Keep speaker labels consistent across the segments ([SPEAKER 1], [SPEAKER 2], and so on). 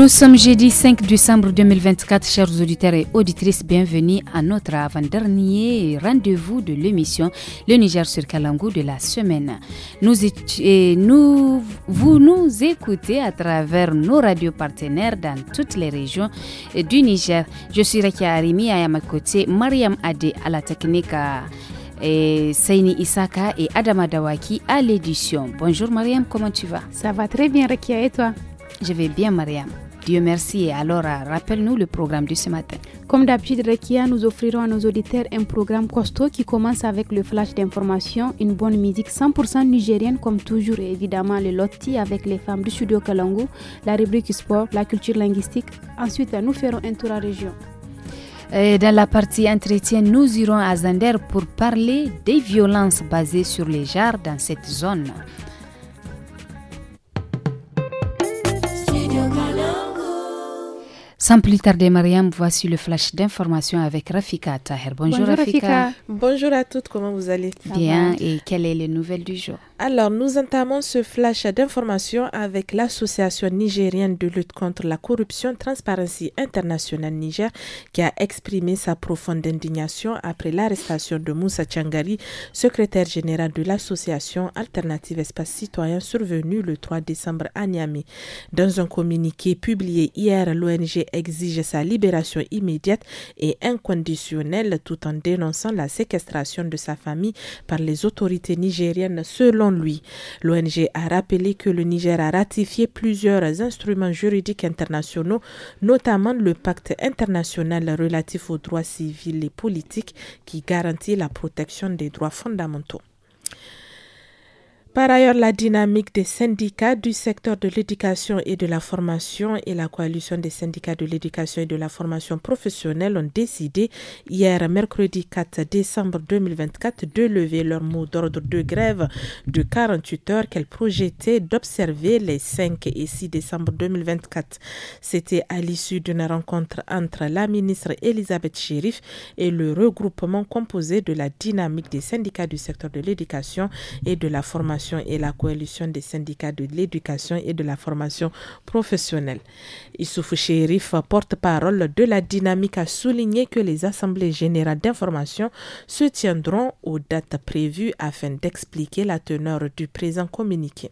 [SPEAKER 1] Nous sommes jeudi 5 décembre 2024, chers auditeurs et auditrices, bienvenue à notre avant-dernier rendez-vous de l'émission Le Niger sur Kalangu de la semaine. Nous, vous nous écoutez à travers nos radios partenaires dans toutes les régions du Niger. Je suis Rekia Arimi, à ma côté, Mariam Adé à la technique. À Saini Isaka et Adama Dawaki à l'édition. Bonjour Mariam, comment tu vas Ça va très bien Rekia et toi Je vais bien Mariam. Dieu merci. alors, euh, rappelle-nous le
[SPEAKER 2] programme de ce matin. Comme d'habitude, Rekia, nous offrirons à nos auditeurs un programme costaud qui commence avec le flash d'informations, une bonne musique 100% nigérienne comme toujours et évidemment le loti avec les femmes du studio Kalangu, la rubrique sport, la culture linguistique. Ensuite, nous ferons un tour à région.
[SPEAKER 1] dans la partie entretien, nous irons à Zander pour parler des violences basées sur les jars dans cette zone. Sans plus tarder, Mariam, voici le flash d'information avec Rafika Taher. Bonjour, Rafika.
[SPEAKER 3] Bonjour à toutes, comment vous allez Bien, et
[SPEAKER 1] quelles sont les nouvelles du jour
[SPEAKER 3] Alors, nous entamons ce flash d'information avec l'Association nigérienne de lutte contre la corruption Transparency International Niger qui a exprimé sa profonde indignation après l'arrestation de Moussa Tchangari, secrétaire général de l'association Alternative Espace Citoyen survenue le 3 décembre à Niamey. Dans un communiqué publié hier, l'ONG exige sa libération immédiate et inconditionnelle tout en dénonçant la séquestration de sa famille par les autorités nigériennes selon lui. L'ONG a rappelé que le Niger a ratifié plusieurs instruments juridiques internationaux, notamment le pacte international relatif aux droits civils et politiques qui garantit la protection des droits fondamentaux. Par ailleurs, la dynamique des syndicats du secteur de l'éducation et de la formation et la coalition des syndicats de l'éducation et de la formation professionnelle ont décidé hier, mercredi 4 décembre 2024, de lever leur mot d'ordre de grève de 48 heures qu'elles projetaient d'observer les 5 et 6 décembre 2024. C'était à l'issue d'une rencontre entre la ministre Elisabeth Chérif et le regroupement composé de la dynamique des syndicats du secteur de l'éducation et de la formation et la coalition des syndicats de l'éducation et de la formation professionnelle. Issouf Chérif, porte-parole de la dynamique, a souligné que les assemblées générales d'information se tiendront aux dates prévues afin d'expliquer la teneur du présent communiqué.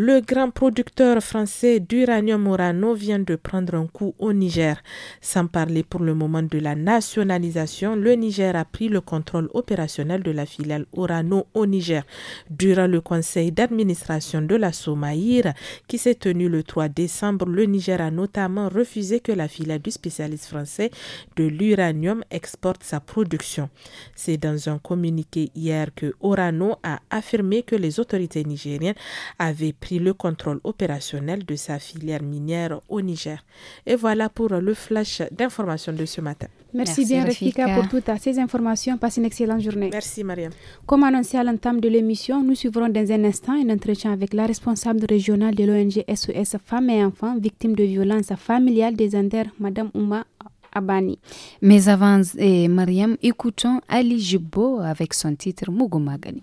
[SPEAKER 3] Le grand producteur français d'uranium Orano vient de prendre un coup au Niger. Sans parler pour le moment de la nationalisation, le Niger a pris le contrôle opérationnel de la filiale Orano au Niger. Durant le conseil d'administration de la Somaïr, qui s'est tenu le 3 décembre, le Niger a notamment refusé que la filiale du spécialiste français de l'uranium exporte sa production. C'est dans un communiqué hier que Orano a affirmé que les autorités nigériennes avaient pris le contrôle opérationnel de sa filière minière au Niger. Et voilà pour le flash d'information de ce matin. Merci, bien, Rafika, pour
[SPEAKER 2] toutes ces informations. Passe une excellente journée. Merci, Mariam. Comme annoncé à l'entame de l'émission, nous suivrons dans un instant un entretien avec la responsable régionale de l'ONG SOS Femmes et Enfants victimes de violences familiales des Anders, Madame Ouma
[SPEAKER 1] Abani. Mes avances, et eh, Mariam, écoutons Ali Jibbo avec son titre Mugumagani.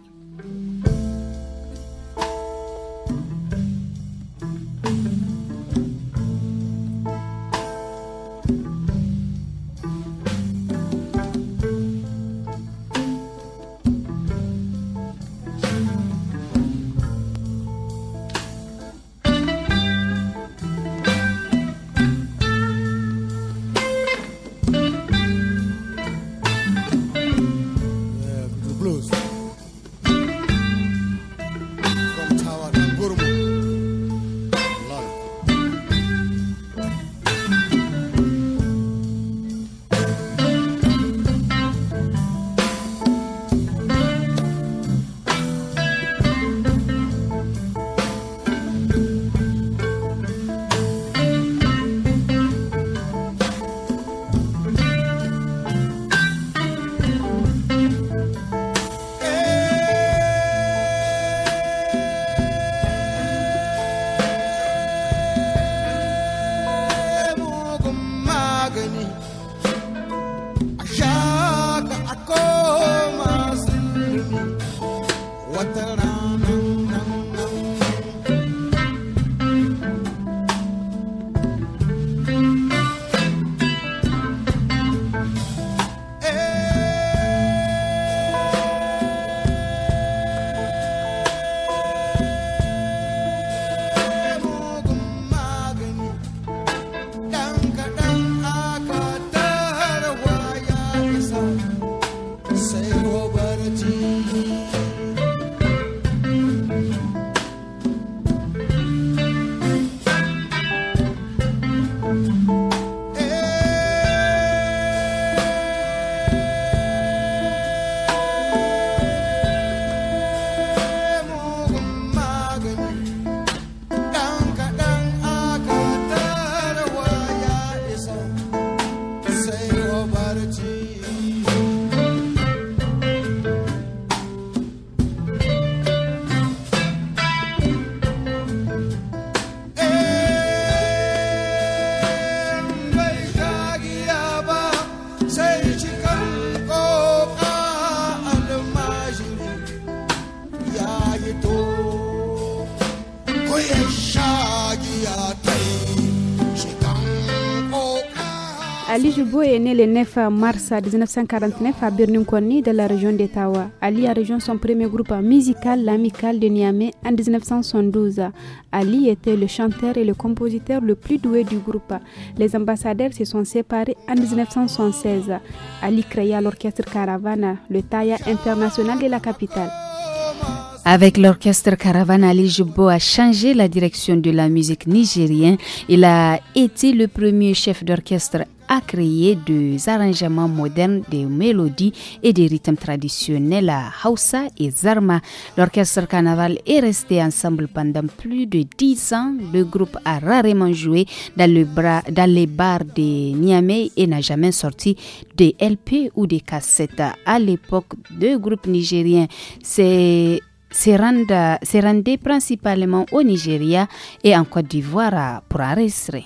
[SPEAKER 2] né le 9 mars 1949 à Birnin-Konni de la région d'Etawa. Ali a rejoint son premier groupe musical, l'Amical de Niamey, en 1972. Ali était le chanteur et le compositeur le plus doué du groupe. Les ambassadeurs se sont séparés en 1976. Ali créa l'orchestre Caravana, le Taya international de la capitale.
[SPEAKER 1] Avec l'orchestre Caravane, Ali Jubo a changé la direction de la musique nigérienne. Il a été le premier chef d'orchestre à créer des arrangements modernes des mélodies et des rythmes traditionnels à Hausa et Zarma. L'orchestre Carnaval est resté ensemble pendant plus de dix ans. Le groupe a rarement joué dans, les bars de Niamey et n'a jamais sorti des LP ou des cassettes. À l'époque, deux groupes nigériens, c'est se rendu principalement au Nigeria et en Côte d'Ivoire pour enregistrer.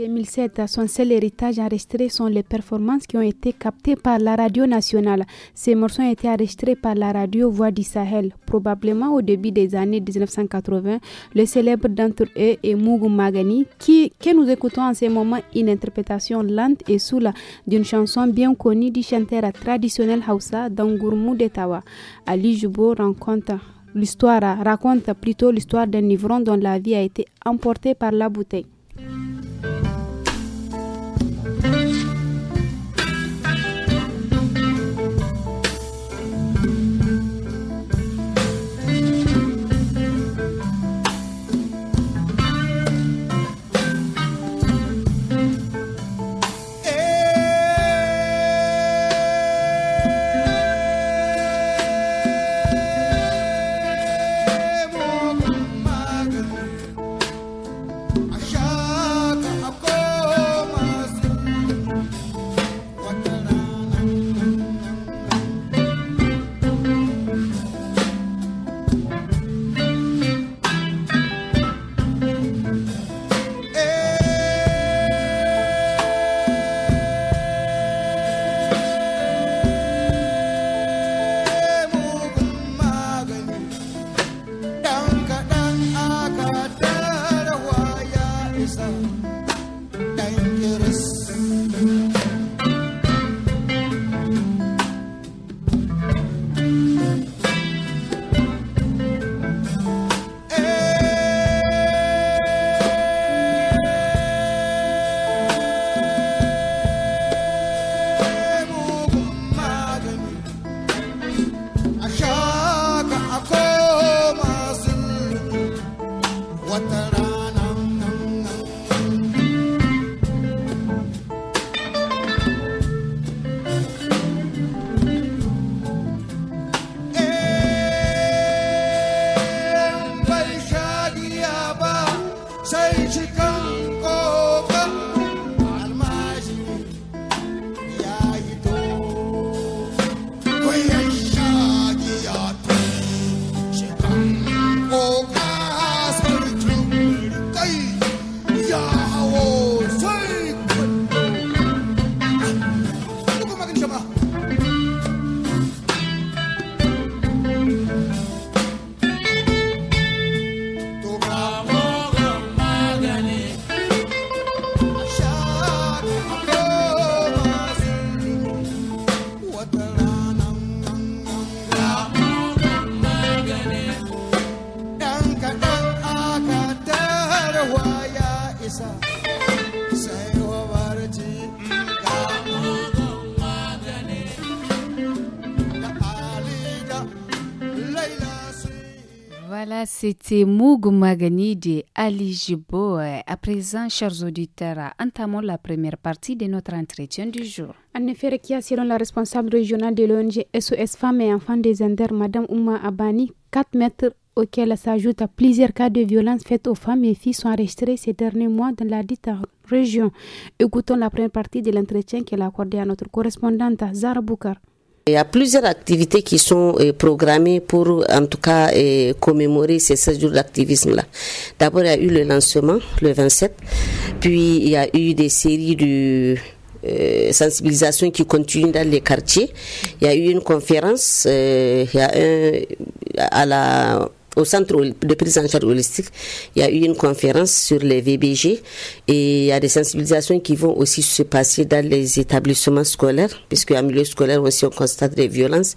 [SPEAKER 2] 2007, son seul héritage enregistré sont les performances qui ont été captées par la radio nationale. Ces morceaux ont été enregistrés par la radio Voix du Sahel. Probablement au début des années 1980, le célèbre d'entre eux est Mougou Magani, qui, que nous écoutons en ce moment une interprétation lente et soula d'une chanson bien connue du chanteur traditionnel Hausa, Dangourmou Detawa. Ali Jubo rencontre l'histoire raconte plutôt l'histoire d'un ivron dont la vie a été emportée par la bouteille.
[SPEAKER 1] C'était Moug Magani de Ali Jibo. À présent, chers auditeurs, entamons la première partie de notre entretien du jour.
[SPEAKER 2] En effet, Rekia, selon la responsable régionale de l'ONG SOS Femmes et Enfants des Inders, Madame Ouma Abani, 4 mètres auxquels s'ajoutent plusieurs cas de violences faites aux femmes et filles sont enregistrés ces derniers mois dans la dite région. Écoutons la première partie de l'entretien qu'elle a accordé à notre correspondante Zara Boukar.
[SPEAKER 4] Il y a plusieurs activités qui sont euh, programmées pour, en tout cas, euh, commémorer ces 16 jours d'activisme-là. D'abord, il y a eu le lancement, le 27, puis il y a eu des séries de euh, sensibilisation qui continuent dans les quartiers. Il y a eu une conférence, il y a à la au centre de prise en charge holistique, il y a eu une conférence sur les VBG et il y a des sensibilisations qui vont aussi se passer dans les établissements scolaires, puisque en milieu scolaire aussi on constate des violences.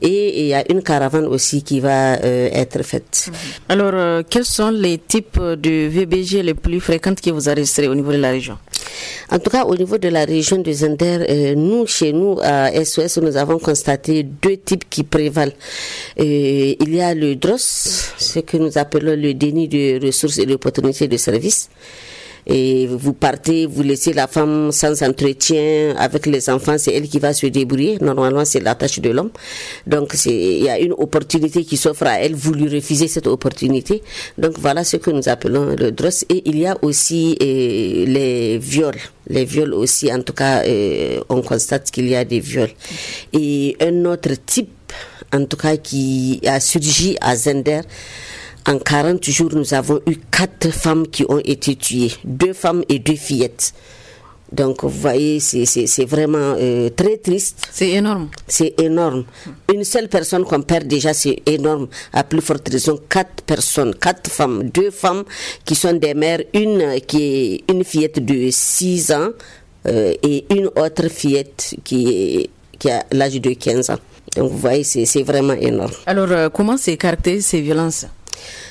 [SPEAKER 4] Et, il y a une caravane aussi qui va euh, être faite. Mhm. Alors, euh, quels sont les types de VBG les plus fréquents qui vous enregistrez au niveau de la région en tout cas, au niveau de la région de Zender, euh, nous, chez nous, à SOS, nous avons constaté deux types qui prévalent. il y a le DROS, ce que nous appelons le déni de ressources et d'opportunités de service. Et vous partez, vous laissez la femme sans entretien avec les enfants, c'est elle qui va se débrouiller. Normalement, c'est la tâche de l'homme. Donc, il y a une opportunité qui s'offre à elle, vous lui refusez cette opportunité. Donc, voilà ce que nous appelons le dross. Et il y a aussi euh, les viols les viols aussi, en tout cas, euh, on constate qu'il y a des viols. Et un autre type en tout cas qui a surgi à Zender. En 40 jours, nous avons eu quatre femmes qui ont été tuées, deux femmes et deux fillettes. Donc, vous voyez, c'est vraiment euh, très triste. C'est énorme. C'est énorme. Une seule personne qu'on perd déjà, c'est énorme. À plus forte raison, quatre personnes, quatre femmes, deux femmes qui sont des mères, une qui est une fillette de 6 ans euh, et une autre fillette qui, qui a l'âge de 15 ans. Donc vous voyez, c'est vraiment énorme. Alors euh, comment s'écarter ces violences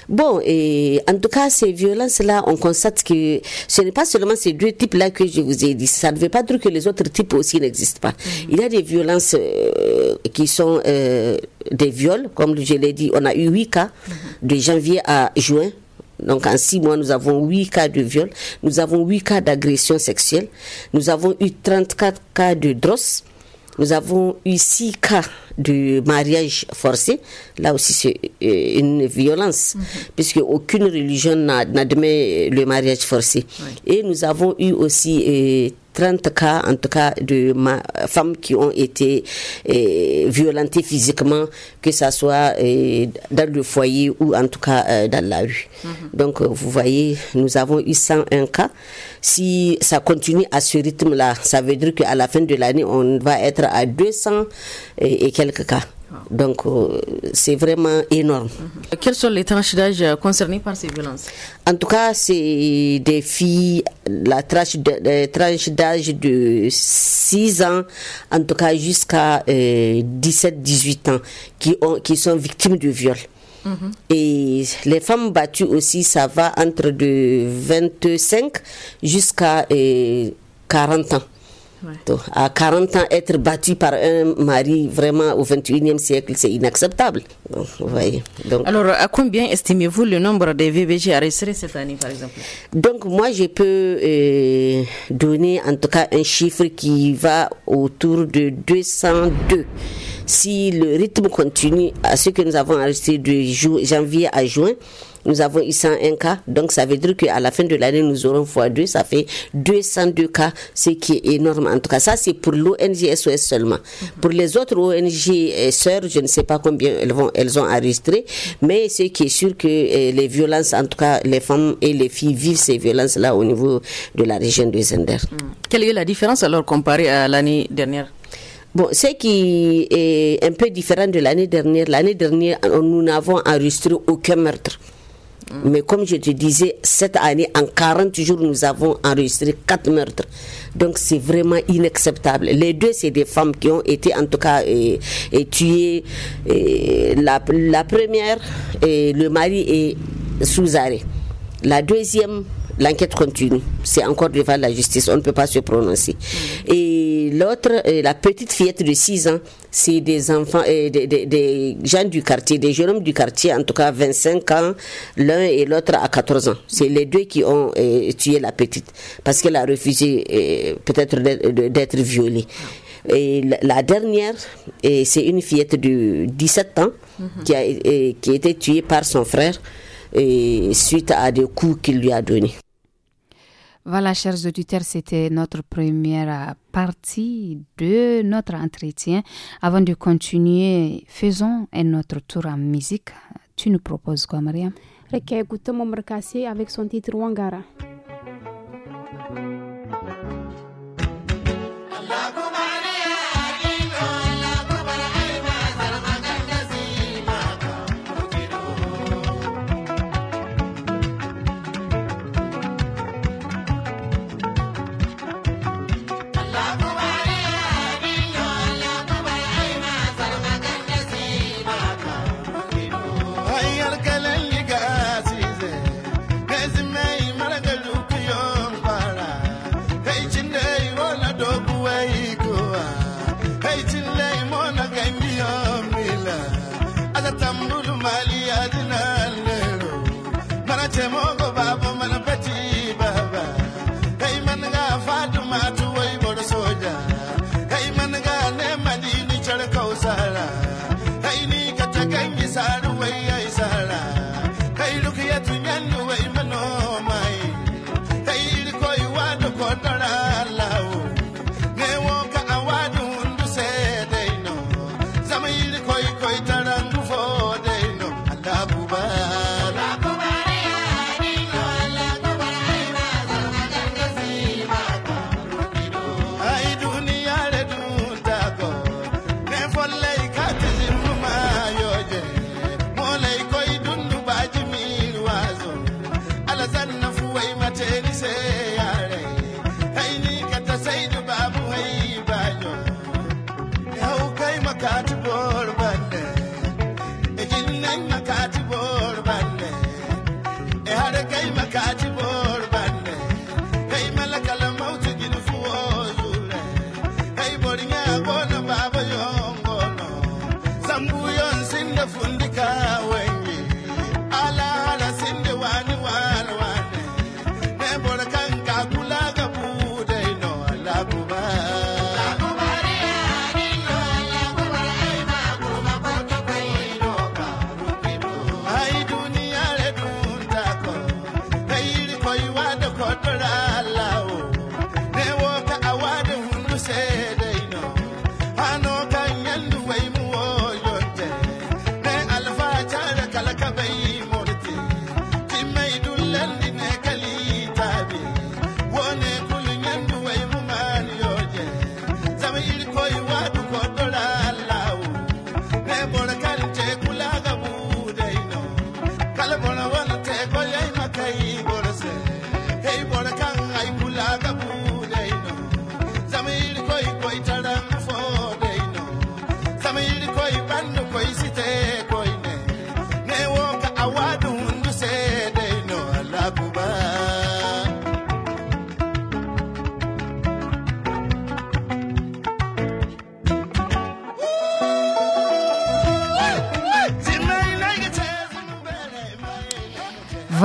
[SPEAKER 4] Bon, et en tout cas, ces violences-là, on constate que ce n'est pas seulement ces deux types-là que je vous ai dit. Ça ne veut pas dire que les autres types aussi n'existent pas. Mhm. Il y a des violences euh, qui sont euh, des viols, comme je l'ai dit. On a eu huit cas mhm. de janvier à juin. Donc en six mois, nous avons 8 cas de viol, nous avons huit cas d'agression sexuelle, nous avons eu 34 cas de drosse, nous avons eu six cas de mariage forcé. Là aussi, c'est euh, une violence, mhm. puisque aucune religion n'admet le mariage forcé. Et nous avons eu aussi euh, 30 cas, en tout cas, de euh, femmes qui ont été euh, violentées physiquement, que ce soit euh, dans le foyer ou en tout cas dans la rue. Mhm. Donc, vous voyez, nous avons eu 101 cas. Si ça continue à ce rythme-là, ça veut dire qu'à la fin de l'année, on va être à 200 et quelques cas. Donc, euh, c'est vraiment énorme. Mm-hmm.
[SPEAKER 5] Quelles sont les tranches d'âge concernées par ces violences
[SPEAKER 4] En tout cas, c'est des filles, la tranche d'âge de, 6 ans, en tout cas jusqu'à 17-18 euh, ans, qui, ont, qui sont victimes de viol. Mm-hmm. Et les femmes battues aussi, ça va entre de 25 jusqu'à 40 euh, ans à 40 ans, être battu par un mari vraiment au 21e siècle, c'est inacceptable. Donc,
[SPEAKER 5] Alors, à combien estimez-vous le nombre de VBG arrêtés cette année, par exemple
[SPEAKER 4] Donc, moi, je peux euh, donner en tout cas un chiffre qui va autour de 202 si le rythme continue à ce que nous avons arrêté de janvier à juin, nous avons eu un cas, donc ça veut dire qu'à la fin de l'année, nous aurons x2, ça fait 202 cas, ce qui est énorme. En tout cas, ça c'est pour l'ONG SOS seulement. Pour les autres ONG euh, sœurs, je ne sais pas combien elles, vont, elles ont enregistré, mais ce qui est sûr que euh, les violences, en tout cas les femmes et les filles vivent ces violences-là au niveau de la région de Zender. Hmm. Quelle est la différence alors comparée à l'année dernière Bon, ce qui est un peu différent de l'année dernière, l'année dernière, nous n'avons enregistré aucun meurtre. Mais comme je te disais, cette année, en 40 jours, nous avons enregistré 4 meurtres. Donc c'est vraiment inacceptable. Les deux, c'est des femmes qui ont été en tout cas euh, et tuées. Et la, première, et le mari est sous arrêt. La deuxième, l'enquête continue. C'est encore devant la justice. On ne peut pas se prononcer. Mm. Et l'autre, euh, la petite fillette de 6 ans, c'est des enfants, euh, des, gens du quartier, des jeunes hommes du quartier, en tout cas 25 ans, l'un et l'autre à 14 ans. C'est les deux qui ont euh, tué la petite parce qu'elle a refusé peut-être d'être violée. Mm. Et la dernière, c'est une fillette de 17 ans mm-hmm. qui, a, qui été tuée par son frère suite à des coups qu'il lui a donnés.
[SPEAKER 1] Voilà, chers auditeurs, c'était notre première partie de notre entretien. Avant de continuer, faisons un autre tour en musique. Tu nous proposes quoi, Maria?
[SPEAKER 2] Gutomo avec son titre Wangara.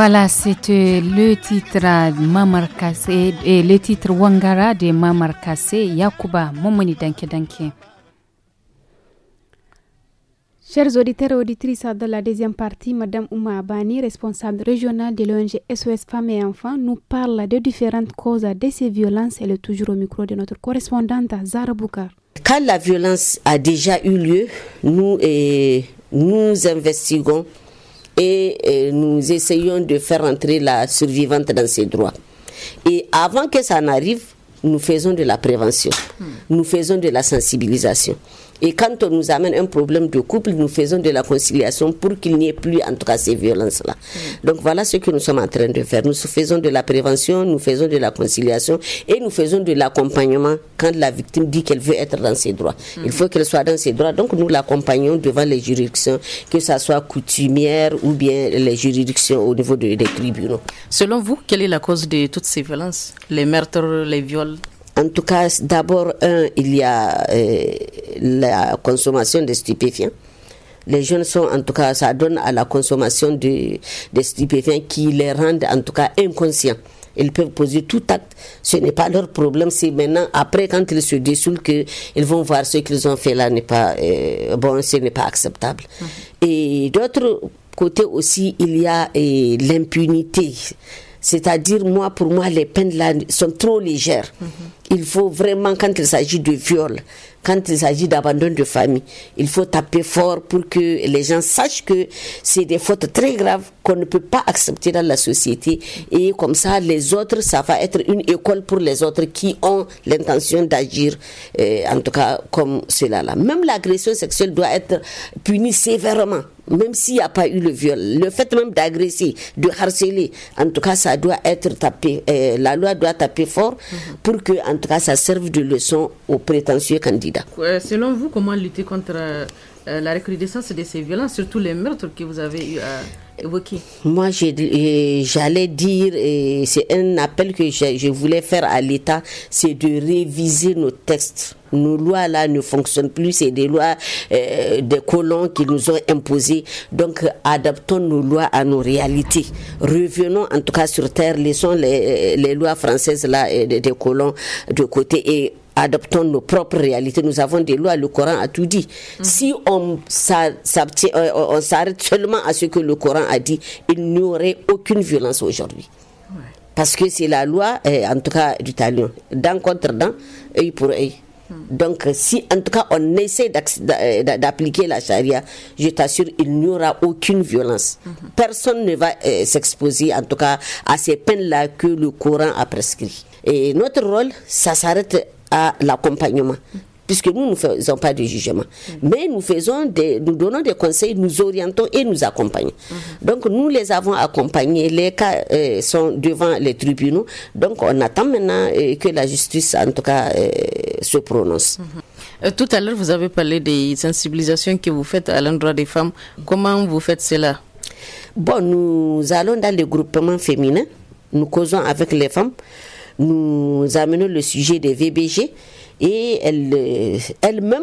[SPEAKER 1] Voilà, c'était euh, le titre euh, Mamar et euh, le titre Wangara de Mamar Kassé, Yakuba, Momoni Danke Danke.
[SPEAKER 2] Chers auditeurs et auditrices, de la deuxième partie, Madame Ouma Abani, responsable régionale de l'ONG SOS Femmes et Enfants, nous parle de différentes causes de ces violences. Elle est toujours au micro de notre correspondante Zara Boukar.
[SPEAKER 4] Quand la violence a déjà eu lieu, nous, nous investiguons et euh, nous essayons de faire entrer la survivante dans ses droits. Et avant que ça n'arrive, nous faisons de la prévention, hmm. nous faisons de la sensibilisation. Et quand on nous amène un problème de couple, nous faisons de la conciliation pour qu'il n'y ait plus, en tout cas, ces violences-là. Mm. Donc voilà ce que nous sommes en train de faire. Nous faisons de la prévention, nous faisons de la conciliation et nous faisons de l'accompagnement quand la victime dit qu'elle veut être dans ses droits. Mm. Il faut qu'elle soit dans ses droits. Donc nous l'accompagnons devant les juridictions, que ce soit coutumière ou bien les juridictions au niveau des tribunaux. Selon vous, quelle est la cause de toutes ces violences Les meurtres, les viols en tout cas, d'abord, un, il y a euh, la consommation de stupéfiants. Les jeunes sont, en tout cas, ça donne à la consommation de, stupéfiants qui les rendent, en tout cas, inconscients. Ils peuvent poser tout acte. Ce n'est pas leur problème. C'est maintenant, après, quand ils se que qu'ils vont voir ce qu'ils ont fait là n'est pas, euh, bon, ce n'est pas acceptable. Mhm. Et d'autre côté aussi, il y a euh, l'impunité c'est-à-dire, moi, pour moi, les peines sont trop légères. Il faut vraiment, quand il s'agit de viol, quand il s'agit d'abandon de famille, il faut taper fort pour que les gens sachent que c'est des fautes très graves qu'on ne peut pas accepter dans la société. Et comme ça, les autres, ça va être une école pour les autres qui ont l'intention d'agir, euh, en tout cas, comme cela là. Même l'agression sexuelle doit être punie sévèrement même s'il n'y a pas eu le viol, le fait même d'agresser, de harceler, en tout cas, ça doit être tapé, euh, la loi doit taper fort mhm. pour que, en tout cas, ça serve de leçon aux prétentieux candidats.
[SPEAKER 5] selon vous, comment lutter contre euh, euh, la recrudescence de ces violences, surtout les meurtres que vous avez eu à évoquer
[SPEAKER 4] Moi, euh, j'allais dire, et euh, c'est un appel que je, voulais faire à l'État, c'est de réviser nos textes. Nos lois là ne fonctionnent plus, c'est des lois des colons qui nous ont imposées. Donc, adaptons nos lois à nos réalités. Revenons en tout cas sur terre, laissons les, lois françaises là des, des colons de côté et adoptons nos propres réalités. Nous avons des lois, le Coran a tout dit. Mm. Si euh, on s'arrête seulement à ce que le Coran a dit, il n'y aurait aucune violence aujourd'hui. Parce que c'est la loi, en tout cas du talion, Dans contre dent, œil pour œil. Mm. Donc, si en tout cas on essaie euh, d'appliquer la charia, je t'assure, il n'y aura aucune violence. Mm-hmm. Personne ne va euh, s'exposer en tout cas à ces peines-là que le Coran a prescrit. Et notre rôle, ça s'arrête l'accompagnement puisque nous ne faisons pas de jugement. Mais nous faisons des, nous donnons des conseils, nous orientons et nous accompagnons. Donc nous les avons accompagnés, les cas euh, sont devant les tribunaux. Donc on attend maintenant euh, que la justice, en tout cas, euh, se prononce.
[SPEAKER 5] tout à l'heure, vous avez parlé des sensibilisations que vous faites à l'endroit des femmes. Comment vous
[SPEAKER 4] faites cela Bon, nous allons dans les groupements féminins, nous causons avec les femmes nous amenons le sujet des VBG et euh, elle-même, elle même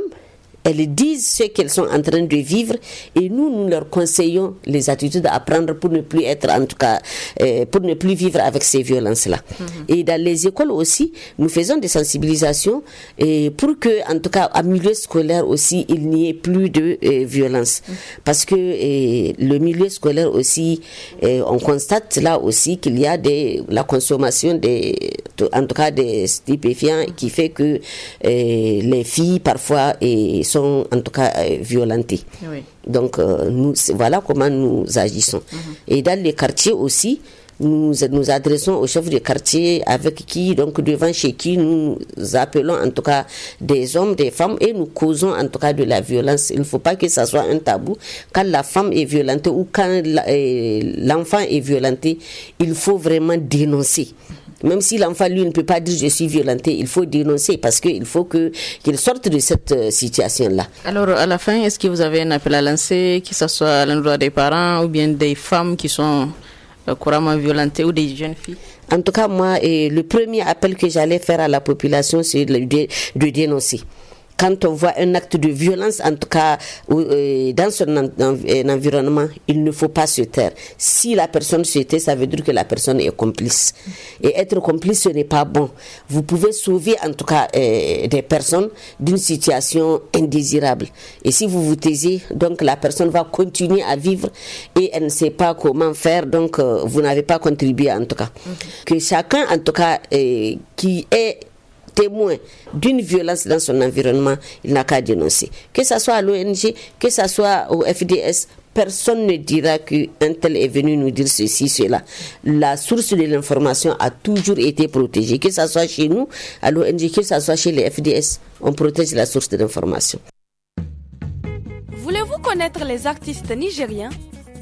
[SPEAKER 4] elles disent ce qu'elles sont en train de vivre et nous, nous leur conseillons les attitudes à prendre pour ne plus être, en tout cas, euh, pour ne plus vivre avec ces violences-là. Mhm. Et dans les écoles aussi, nous faisons des sensibilisations et pour que, en tout cas, à milieu scolaire aussi, il n'y ait plus de euh, violence. Mhm. Parce que euh, le milieu scolaire aussi, on constate là aussi qu'il y a des, la consommation des, en tout cas, des stupéfiants mhm. qui fait que les filles parfois et sont en tout cas euh, violentés. Donc euh, nous, voilà comment nous agissons. Mhm. Et dans les quartiers aussi, nous nous adressons aux chefs de quartier avec qui, donc devant chez qui nous appelons en tout cas des hommes, des femmes et nous causons en tout cas de la violence. Il ne faut pas que ça soit un tabou. Quand la femme est violentée ou quand euh, l'enfant est violenté, il faut vraiment dénoncer. Même si l'enfant, lui, ne peut pas dire je suis violenté, il faut dénoncer parce qu'il faut qu'il sorte de cette euh, situation-là.
[SPEAKER 5] Alors, à la fin, est-ce que vous avez un appel à lancer, que ce soit à l'endroit des parents ou bien des femmes qui sont euh, couramment violentées ou des jeunes filles En tout
[SPEAKER 4] cas, moi, le premier appel que j'allais faire à la population, c'est de dénoncer quand on voit un acte de violence, en tout cas euh, dans un environnement, il ne faut pas se taire. Si la personne se tait, ça veut dire que la personne est complice. Et être complice, ce n'est pas bon. Vous pouvez sauver en tout cas euh, des personnes d'une situation indésirable. Et si vous vous taisez, donc la personne va continuer à vivre et elle ne sait pas comment faire, donc euh, vous n'avez pas contribué en tout cas. Que chacun en tout cas qui est témoin d'une violence dans son environnement, il n'a qu'à dénoncer. Que ce soit à l'ONG, que ce soit au FDS, personne ne dira qu'un tel est venu nous dire ceci, cela. La source de l'information a toujours été protégée, que ce soit chez nous, à l'ONG, que ce soit chez les FDS, on protège la source de l'information.
[SPEAKER 6] Voulez-vous connaître les artistes nigériens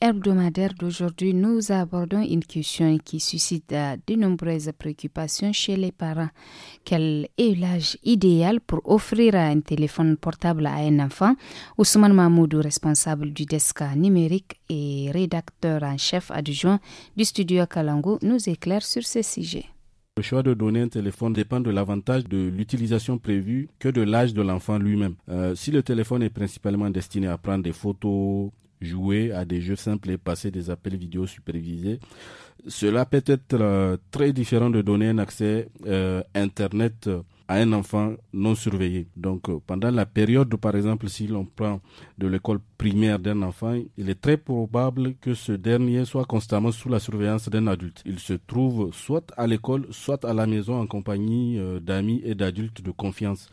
[SPEAKER 1] hebdomadaire d'aujourd'hui, nous abordons une question qui suscite euh, de nombreuses préoccupations chez les parents. Quel est l'âge idéal pour offrir euh, un téléphone portable à un enfant Ousmane Mahmoudou, responsable du desk numérique et rédacteur en chef adjoint du studio Kalango, nous éclaire sur ce sujet.
[SPEAKER 7] Le choix de donner un téléphone dépend de l'avantage de l'utilisation prévue que de l'âge de l'enfant lui-même. Euh, si le téléphone est principalement destiné à prendre des photos, jouer à des jeux simples et passer des appels vidéo supervisés. Cela peut être euh, très différent de donner un accès euh, Internet euh, à un enfant non surveillé. Donc pendant la période, par exemple, si l'on prend de l'école primaire d'un enfant, il est très probable que ce dernier soit constamment sous la surveillance d'un adulte. Il se trouve soit à l'école, soit à la maison en compagnie d'amis et d'adultes de confiance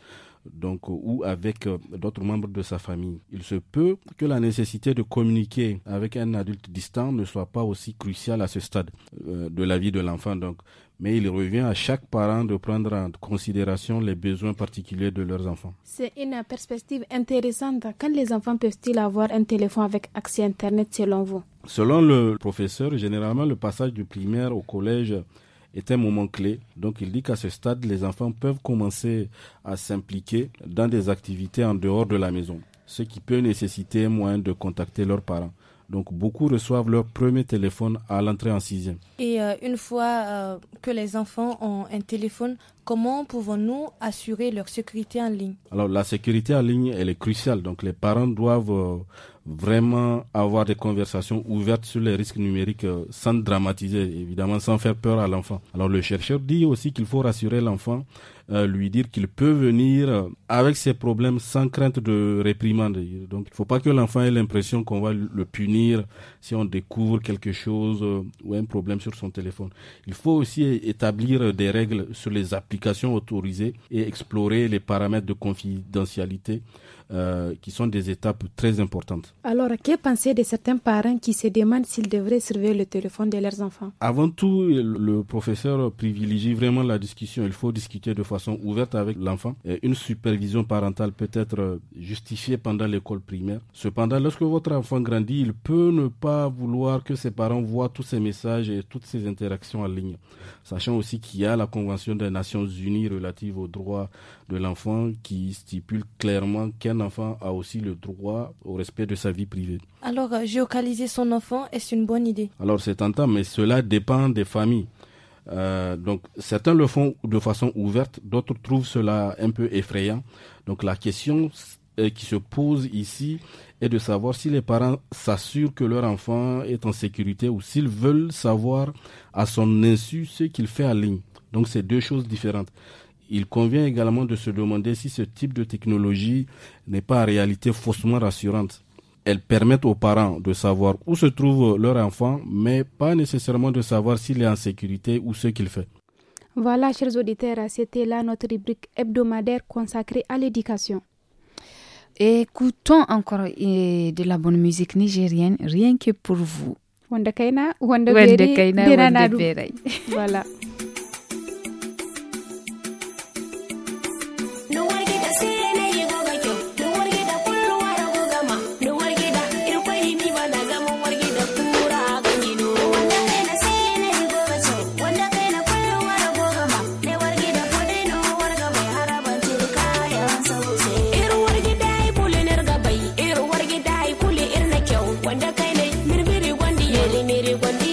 [SPEAKER 7] donc euh, ou avec euh, d'autres membres de sa famille. Il se peut que la nécessité de communiquer avec un adulte distant ne soit pas aussi cruciale à ce stade euh, de la vie de l'enfant. Donc, mais il revient à chaque parent de prendre en considération les besoins particuliers de leurs enfants.
[SPEAKER 2] C'est une perspective intéressante. Quand les enfants peuvent-ils avoir un téléphone avec accès Internet selon vous
[SPEAKER 7] Selon le professeur, généralement le passage du primaire au collège est un moment clé. Donc il dit qu'à ce stade, les enfants peuvent commencer à s'impliquer dans des activités en dehors de la maison, ce qui peut nécessiter un moyen de contacter leurs parents. Donc beaucoup reçoivent leur premier téléphone à l'entrée en sixième.
[SPEAKER 6] Et euh, une fois euh, que les enfants ont un téléphone, comment pouvons-nous assurer leur sécurité en ligne
[SPEAKER 7] Alors la sécurité en ligne, elle est cruciale. Donc les parents doivent euh, vraiment avoir des conversations ouvertes sur les risques numériques euh, sans dramatiser, évidemment, sans faire peur à l'enfant. Alors le chercheur dit aussi qu'il faut rassurer l'enfant, euh, lui dire qu'il peut venir euh, avec ses problèmes sans crainte de réprimande. Donc il ne faut pas que l'enfant ait l'impression qu'on va le punir si on découvre quelque chose euh, ou un problème sur son téléphone. Il faut aussi établir euh, des règles sur les applications autorisées et explorer les paramètres de confidentialité euh, qui sont des étapes très importantes.
[SPEAKER 2] Alors, que penser de certains parents qui se demandent s'ils devraient surveiller le téléphone de leurs enfants
[SPEAKER 7] Avant tout, le professeur privilégie vraiment la discussion. Il faut discuter de façon ouverte avec l'enfant. Une supervision vision parentale peut être euh, justifiée pendant l'école primaire. Cependant, lorsque votre enfant grandit, il peut ne pas vouloir que ses parents voient tous ces messages et toutes ses interactions en ligne. Sachant aussi qu'il y a la Convention des Nations Unies relative aux droits de l'enfant qui stipule clairement qu'un enfant a aussi le droit au respect de sa vie privée.
[SPEAKER 6] Alors, euh, géocaliser son enfant, est-ce une bonne idée
[SPEAKER 7] Alors, c'est tentant, mais cela dépend des familles. Euh, donc certains le font de façon ouverte, d'autres trouvent cela un peu effrayant. Donc la question qui se pose ici est de savoir si les parents s'assurent que leur enfant est en sécurité ou s'ils veulent savoir à son insu ce qu'il fait en ligne. Donc c'est deux choses différentes. Il convient également de se demander si ce type de technologie n'est pas en réalité faussement rassurante elles permettent aux parents de savoir où se trouve leur enfant, mais pas nécessairement de savoir s'il est en sécurité ou ce qu'il fait.
[SPEAKER 2] Voilà, chers auditeurs, c'était là notre rubrique hebdomadaire consacrée à l'éducation. Écoutons
[SPEAKER 1] encore de la bonne musique nigérienne, rien que pour vous.
[SPEAKER 2] Voilà. need it when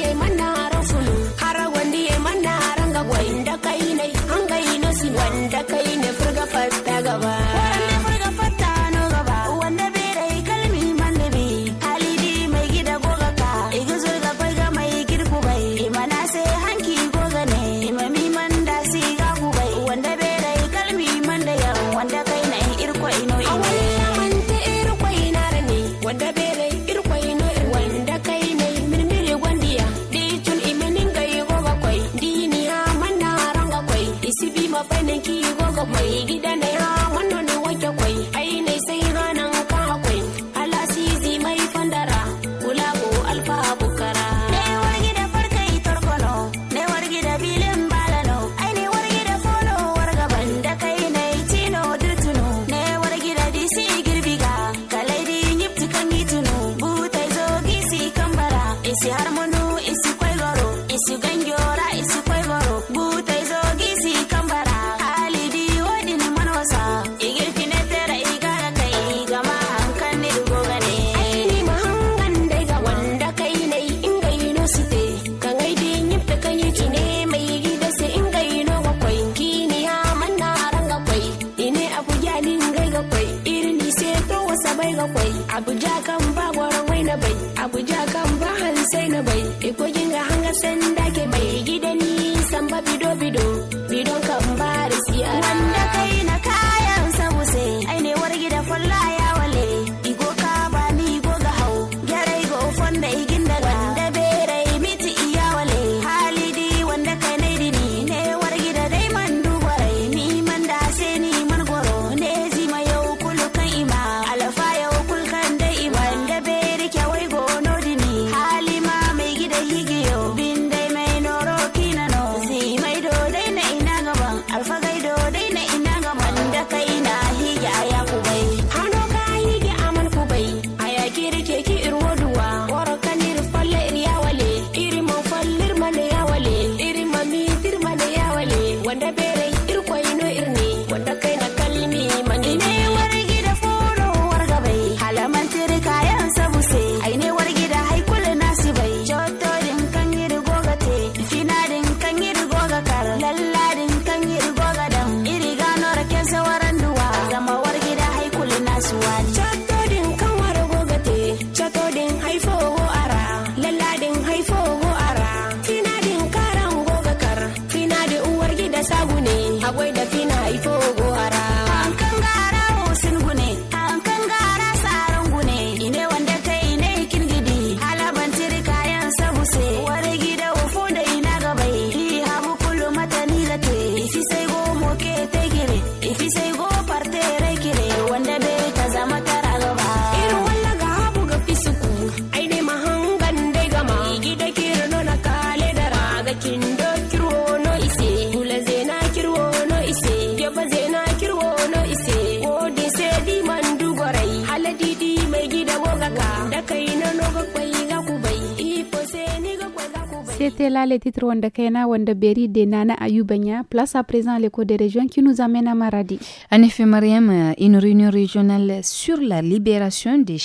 [SPEAKER 2] les titres Wanda Kena, Wanda Berry, Nana Ayubanya. Place à présent à l'écho des régions qui nous amène à Maradi. En effet, Mariam, euh, une réunion régionale sur la libération
[SPEAKER 1] des,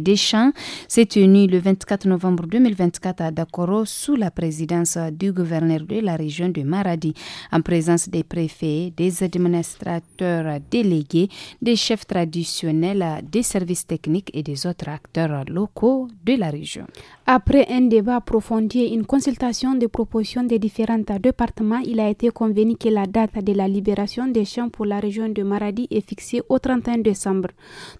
[SPEAKER 1] des champs s'est tenue le 24 novembre 2024 à Dakoro sous la présidence du gouverneur de la région de Maradi, en présence des préfets, des administrateurs délégués, des chefs traditionnels, des services techniques et des autres acteurs locaux de la région.
[SPEAKER 2] Après un débat approfondi et une consultation des propositions des différents départements, il a été convenu que la date de la libération des champs pour la région région de Maradi est fixé au 31 décembre.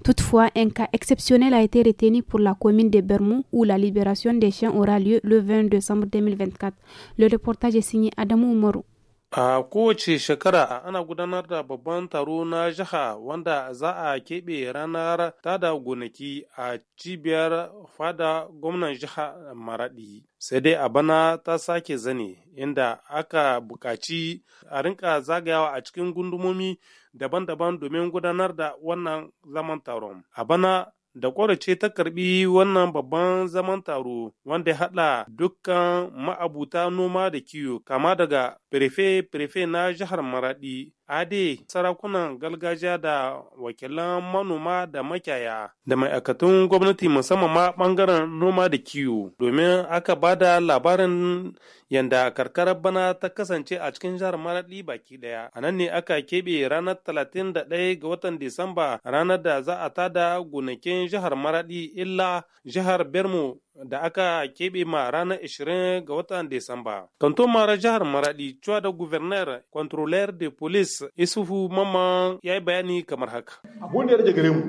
[SPEAKER 2] Toutefois, un cas exceptionnel a été retenu pour la commune de Bermont où la libération des chiens aura lieu le 20 décembre 2024. Le reportage est signé Adamou Moro.
[SPEAKER 8] A kowace shekara ana gudanar da babban taro na jiha wanda za a keɓe ranar tada gonaki a cibiyar fada gwamnan jiha Maradi. Sai dai a bana ta sake zane inda aka buƙaci a rinka zagayawa a cikin gundumomi daban-daban domin gudanar da wannan zaman taron. A bana da ƙorace ta karbi wannan babban zaman taro wanda ya haɗa dukkan ma'abuta noma da kiwo kama daga Prefe Prefe na jihar Maraɗi. Ade, sarakunan gargajiya da wakilan manoma da makyaya da ma'aikatan gwamnati musamman ma ɓangaren noma da kiwo domin aka ba da labarin yadda karkarar bana ta kasance a cikin jihar Maraɗi baki ɗaya. A nan ne aka keɓe ranar 31 ga watan Disamba ranar da za a tada gonakin jihar Maraɗi illa jihar Bermo da aka keɓe ma ranar 20 ga watan disamba. Kanto mara jihar Maradi, cewa da guverner, controller de police Isufu mama ya yi bayani kamar haka.
[SPEAKER 9] Abun da ya rage gare mu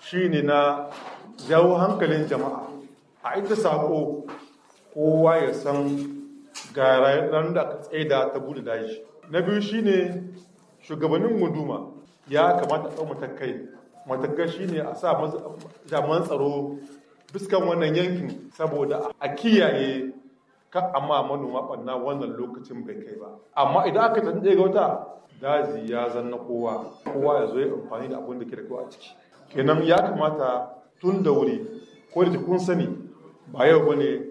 [SPEAKER 9] shi ne na jawo hankalin jama'a a ita sako kowa ya san ga ranar da aka tsaida ta bude daji. Na biyu shi ne shugabannin guduma ya kamata a matakai. Matakai shi ne a sa jaman tsaro biskan wannan yankin saboda a kiyaye ka amma manoma ɓanna wannan lokacin bai kai ba amma idan aka tsaye ga wata daji ya zanna kowa kowa ya zo ya amfani da abin da ke da kowa a ciki kenan ya kamata tun da wuri ko da kun sani ba yau ba ne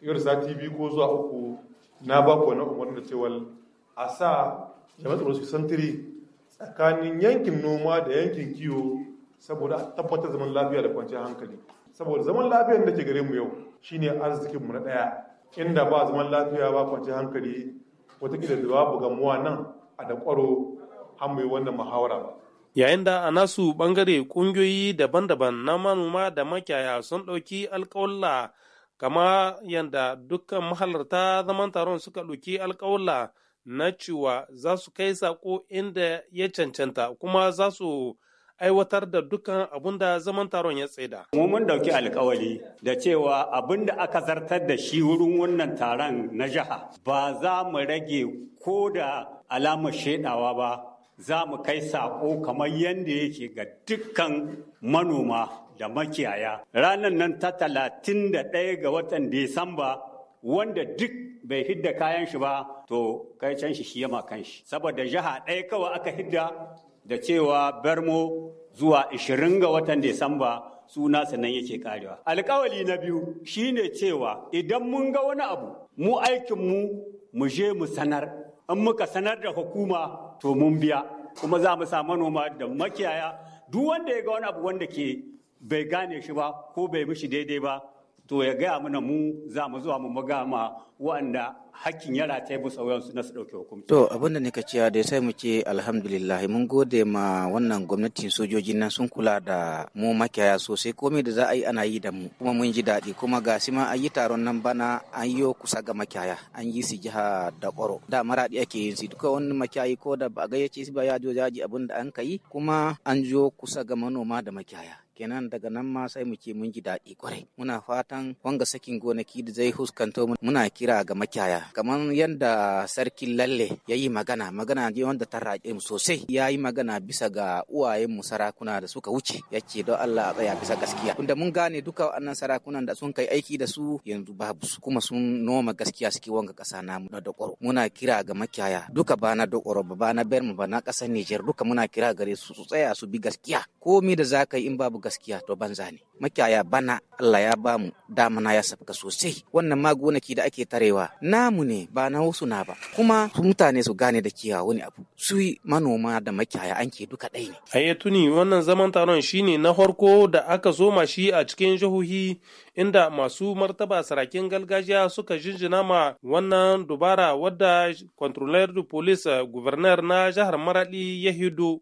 [SPEAKER 9] yau sati biyu ko zuwa uku na ba ku wani umarni da cewa a sa jami'an tsaro su santiri tsakanin yankin noma da yankin kiwo saboda a tabbatar zaman lafiya da kwanciyar hankali saboda zaman lafiyar da ke gare mu yau shine arzikin mu na daya inda ba zaman lafiya ba kwanci hankali watakila da babu gamuwa nan a da kwaro har mu yi wannan muhawara ba
[SPEAKER 8] yayin da a nasu bangare kungiyoyi daban-daban na manoma da makiyaya sun dauki alƙawalla kama yadda dukkan mahalarta zaman taron suka dauki alƙawalla na cewa za su kai sako inda ya cancanta kuma za su aiwatar da dukkan abun da zaman taron ya tsaida. Mu mun dauki
[SPEAKER 10] alkawari da cewa abin da aka zartar da shi wurin wannan taron na jiha ba za mu rage ko da alamar shaidawa ba za mu kai saƙo kamar yadda yake ga dukkan manoma da makiyaya. Ranar nan ta talatin da ɗaya ga watan Disamba wanda duk bai hidda kayan shi ba to kai can shi shi yama kan shi saboda jiha ɗaya kawai aka hidda da cewa Bermo zuwa 20 ga watan Disamba suna sannan yake karewa. Alkawali na biyu shine cewa idan mun ga wani abu mu aikinmu mu je mu sanar in muka sanar da hukuma to mun biya kuma za mu sa manoma da makiyaya duk wanda ya ga wani abu wanda ke bai gane shi ba ko bai mishi daidai ba to ya gaya mana mu za mu zuwa mu maga ma waɗanda hakkin yara ta yi busa su na su ɗauke hukunci. To
[SPEAKER 11] abin da nika cewa da sai mu ce alhamdulillah mun gode ma wannan gwamnatin sojoji nan sun kula da mu makiyaya sosai komai da za a yi ana yi da mu kuma mun ji daɗi kuma ga shi ma an yi taron nan bana an yi kusa ga makiyaya an yi su jiha da ƙoro da maraɗi ake yin su duka wani makiyayi ko da ba a gayyace su ba ya jo jaji abin da an ka yi kuma an jo kusa ga manoma da makiyaya kenan daga nan ma sai mu ce mun ji daɗi kwarai muna fatan wanga sakin gonaki da zai huskanto muna kira ga makiyaya kamar yadda sarkin lalle ya yi magana magana ne wanda ta raƙe mu sosai ya yi magana bisa ga uwayen mu sarakuna da suka wuce ya ce don Allah a tsaya bisa gaskiya tunda mun gane duka anan sarakunan da sun kai aiki da su yanzu babu su kuma sun noma gaskiya suke wanga ƙasa na mu da dokoro muna kira ga makiyaya duka ba na dokoro ba na bermu ba na ƙasar Nijar duka muna kira gare su su tsaya su bi gaskiya komi da za ka yi in babu gaskiya to banza ne makiyaya bana Allah ya bamu damana ya sabka sosai wannan ma gonaki da ake tarewa namu ne ba na wasu na ba kuma mutane su gane da kiyawa wani abu su manoma da makiyaya an ke duka ɗaya
[SPEAKER 8] ne a tuni wannan zaman taron shine na farko da aka soma shi a cikin jihohi inda masu martaba sarakin gargajiya suka jinjina ma wannan dubara wadda controller du police governor na jihar maraɗi ya hido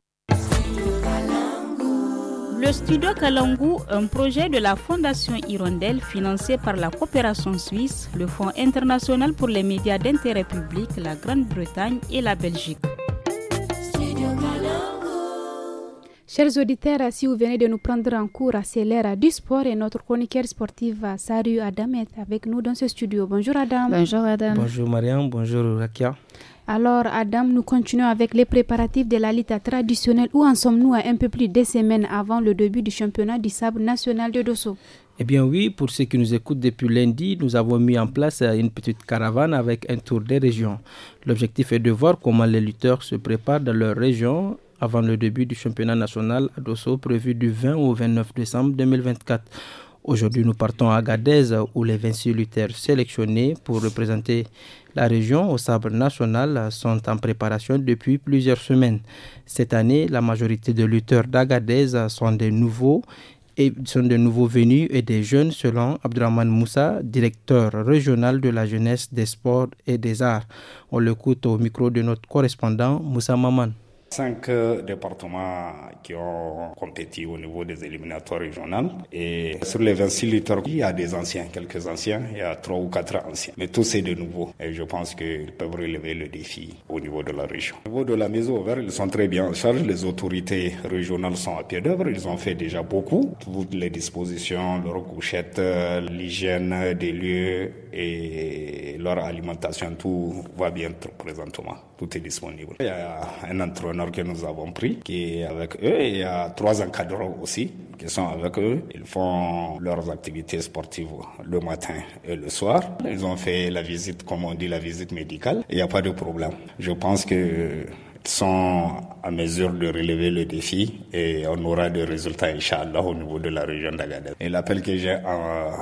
[SPEAKER 12] Le studio Kalangu, un projet de la Fondation Hirondelle financé par la coopération suisse, le Fonds
[SPEAKER 2] international pour les médias d'intérêt public, la Grande-Bretagne et la Belgique. Chers auditeurs, si vous venez de nous prendre en cours, c'est l'ère du sport et notre chroniqueur sportive Saru Adam est avec nous dans ce studio. Bonjour Adam. Bonjour Adam. Bonjour
[SPEAKER 13] Marianne, bonjour Rakia.
[SPEAKER 2] Alors, Adam, nous continuons avec les préparatifs de la lita traditionnelle. Où en sommes-nous à un peu plus de semaines avant le début du championnat du sabre national de Dosso
[SPEAKER 13] eh bien oui, pour ceux qui nous écoutent depuis lundi, nous avons mis en place euh, une petite caravane avec un tour des régions. L'objectif est de voir comment les lutteurs se préparent dans leur région avant le début du championnat national à Dosso prévu du 20 au 29 décembre 2024. Aujourd'hui, nous partons à Gadez où les 26 lutteurs sélectionnés pour représenter la région au sabre national sont en préparation depuis plusieurs semaines. Cette année, la majorité de lutteurs d'Agadez sont des nouveaux et sont de nouveaux venus et des jeunes selon Abdraman Moussa, directeur régional de la jeunesse, des sports et des arts. On l'écoute au micro de notre correspondant Moussa Maman.
[SPEAKER 14] Cinq euh, départements qui ont compétit au niveau des éliminatoires régionales. Et sur les 26 lutteurs, il y a des anciens, quelques anciens, il y a trois ou quatre anciens. Mais tous c'est de nouveau Et je pense qu'ils peuvent relever le défi au niveau de la région. Au niveau de la maison ouverte, ils sont très bien en charge. Les autorités régionales sont à pied d'œuvre. Ils ont fait déjà beaucoup. Toutes les dispositions, leurs couchettes euh, l'hygiène des lieux et leur alimentation, tout va bien présentement. Tout est disponible. Il y a un entraîneur que nous avons pris, qui est avec eux. il y a trois encadreurs aussi qui sont avec eux. Ils font leurs activités sportives le matin et le soir. Ils ont fait la visite, comme on dit, la visite médicale. Il n'y a pas de problème. Je pense que sont à mesure de relever le défi et on aura des résultats, Inch'Allah, au niveau de la région d'Agadez. Et l'appel que j'ai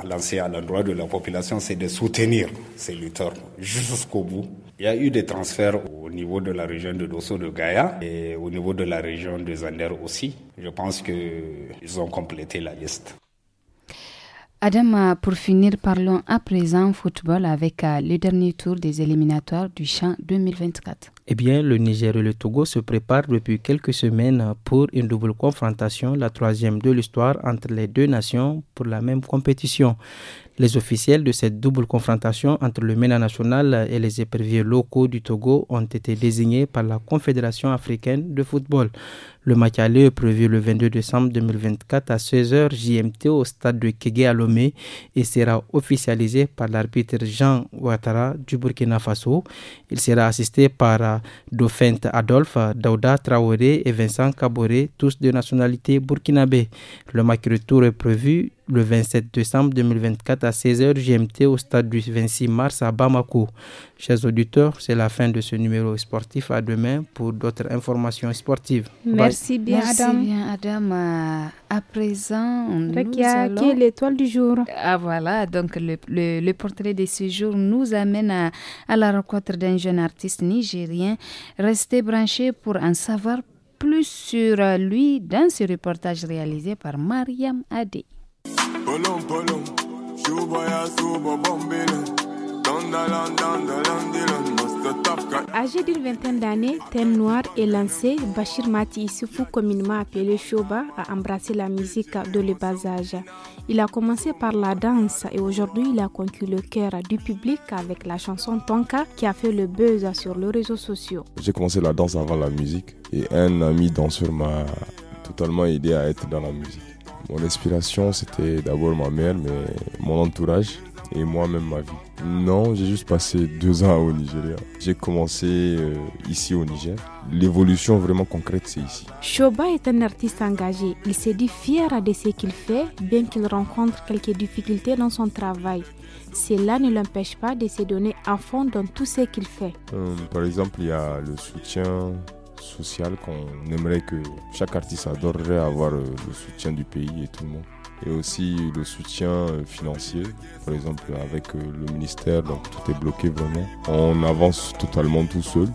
[SPEAKER 14] lancé à l'endroit de la population, c'est de soutenir ces lutteurs jusqu'au bout il y a eu des transferts au niveau de la région de Dosso de Gaïa et au niveau de la région de Zander aussi. Je pense qu'ils ont complété la liste.
[SPEAKER 1] Adam, pour finir, parlons à présent football avec euh, le dernier tour des éliminatoires du champ 2024.
[SPEAKER 13] Eh bien, le Niger et le Togo se préparent depuis quelques semaines pour une double confrontation, la troisième de l'histoire entre les deux nations pour la même compétition. Les officiels de cette double confrontation entre le MENA national et les éperviers locaux du Togo ont été désignés par la Confédération africaine de football. Le match aller est prévu le 22 décembre 2024 à 16h JMT au stade de Kégué Alomé et sera officialisé par l'arbitre Jean Ouattara du Burkina Faso. Il sera assisté par Dauphin Adolphe, Daouda Traoré et Vincent Kabore, tous de nationalité burkinabé. Le match retour est prévu le 27 décembre 2024 à 16h GMT au stade du 26 mars à Bamako. Chers auditeurs, c'est la fin de ce numéro sportif. À demain pour d'autres informations sportives. Merci. Merci
[SPEAKER 1] bien, Adam. Euh, à présent, on a qui est l'étoile du jour Ah voilà, donc le, le, portrait de ce jour nous amène à, à la rencontre d'un jeune artiste nigérien. Restez branchés pour en savoir plus sur euh, lui dans ce reportage réalisé par Mariam Adé.
[SPEAKER 2] Âgé d'une vingtaine d'années, Thème Noir est lancé. Bachir Mati Issoufou, communément appelé Shoba, a embrassé la musique de le bas âge. Il a commencé par la danse et aujourd'hui il a conquis le cœur du public avec la chanson Tonka qui a fait le buzz sur les réseaux sociaux.
[SPEAKER 14] J'ai commencé la danse avant la musique et un ami danseur m'a totalement aidé à être dans la musique. Mon inspiration c'était d'abord ma mère, mais mon entourage et moi-même ma vie. Non, j'ai juste passé deux ans au Nigeria. J'ai commencé euh, ici au Niger. L'évolution vraiment concrète, c'est ici.
[SPEAKER 2] Shoba est un artiste engagé. Il se dit fier de ce qu'il fait, bien qu'il rencontre quelques difficultés dans son travail. Cela ne l'empêche pas de se donner à fond dans tout ce qu'il fait.
[SPEAKER 14] Euh, par exemple, il y a le soutien social qu'on aimerait que chaque artiste adorerait avoir euh, le soutien du pays et tout le monde et aussi le soutien euh, financier. Par exemple, avec euh, le ministère, donc tout est bloqué vraiment. On avance totalement tout seul.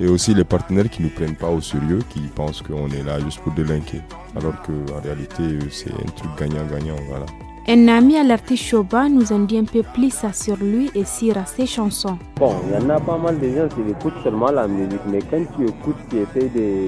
[SPEAKER 14] Et aussi les partenaires qui ne nous prennent pas au sérieux, qui pensent qu'on est là juste pour délinquer. Alors qu'en réalité, euh, c'est un truc gagnant-gagnant.
[SPEAKER 8] Voilà.
[SPEAKER 2] Un ami à l'artiste Choba nous en dit un peu plus sur lui et sur ses chansons.
[SPEAKER 8] Bon, il y en a pas mal de gens qui écoutent seulement la musique, mais quand tu écoutes, tu fait des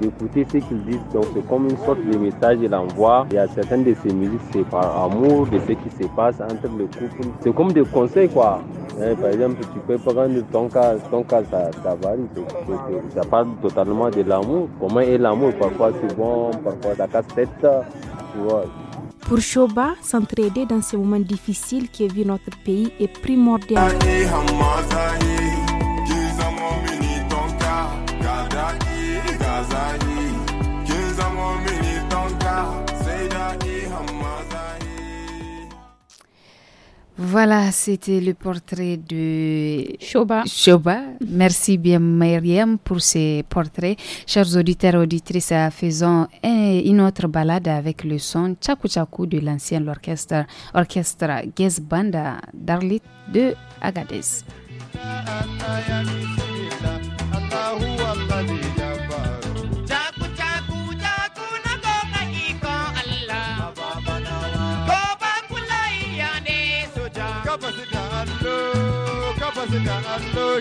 [SPEAKER 8] d'écouter ce qu'ils disent. Donc c'est comme une sorte de message et l'envoi, Il y a certaines de ces musiques, c'est par amour de ce qui se passe entre le couple. C'est comme des conseils quoi. Hein, par exemple, tu peux prendre ton cas, ton cas ça, ça parle totalement de l'amour. Comment est l'amour Parfois c'est bon, parfois ça casse tête,
[SPEAKER 2] Pour Shoba, s'entraider dans ces moments difficiles qui vit notre pays est primordial.
[SPEAKER 1] Voilà, c'était le portrait de Shoba. Merci bien, Myriam, pour ces portraits. Chers auditeurs, auditrices, faisons une autre balade avec le son chakou Chaku de l'ancien orchestre, orchestre Gez Banda d'Arlit de Agadez.
[SPEAKER 15] katika allo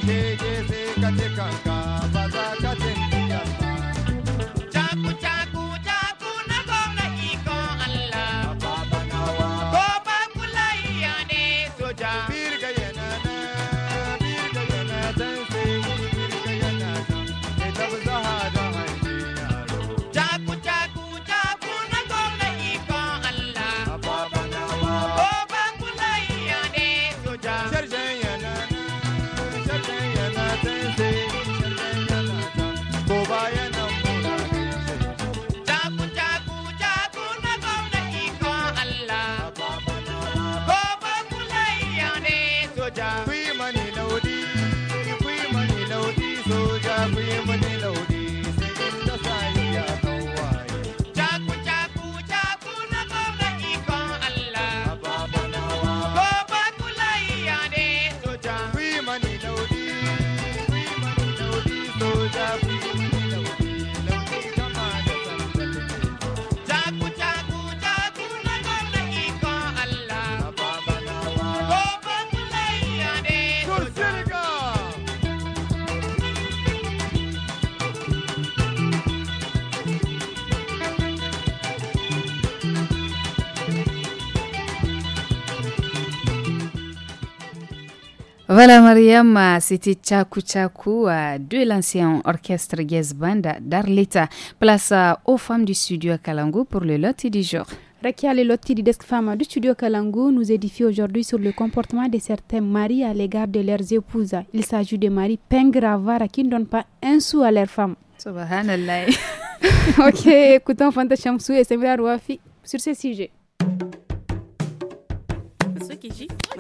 [SPEAKER 1] Voilà Mariam, euh, c'était Tchaku Tchaku euh, de l'ancien orchestre jazz Band d'Arleta. Place euh, aux femmes du studio Kalango pour le lot du jour.
[SPEAKER 2] Le loti du Desk Femme du studio Kalangu nous édifie aujourd'hui sur le comportement de certains maris à l'égard de leurs épouses. Il s'agit de maris pingravara qui ne donnent pas un sou à leurs femmes. Subhanallah. ok, écoutons Fanta Chamsou et Semira Rouafi sur ce sujet.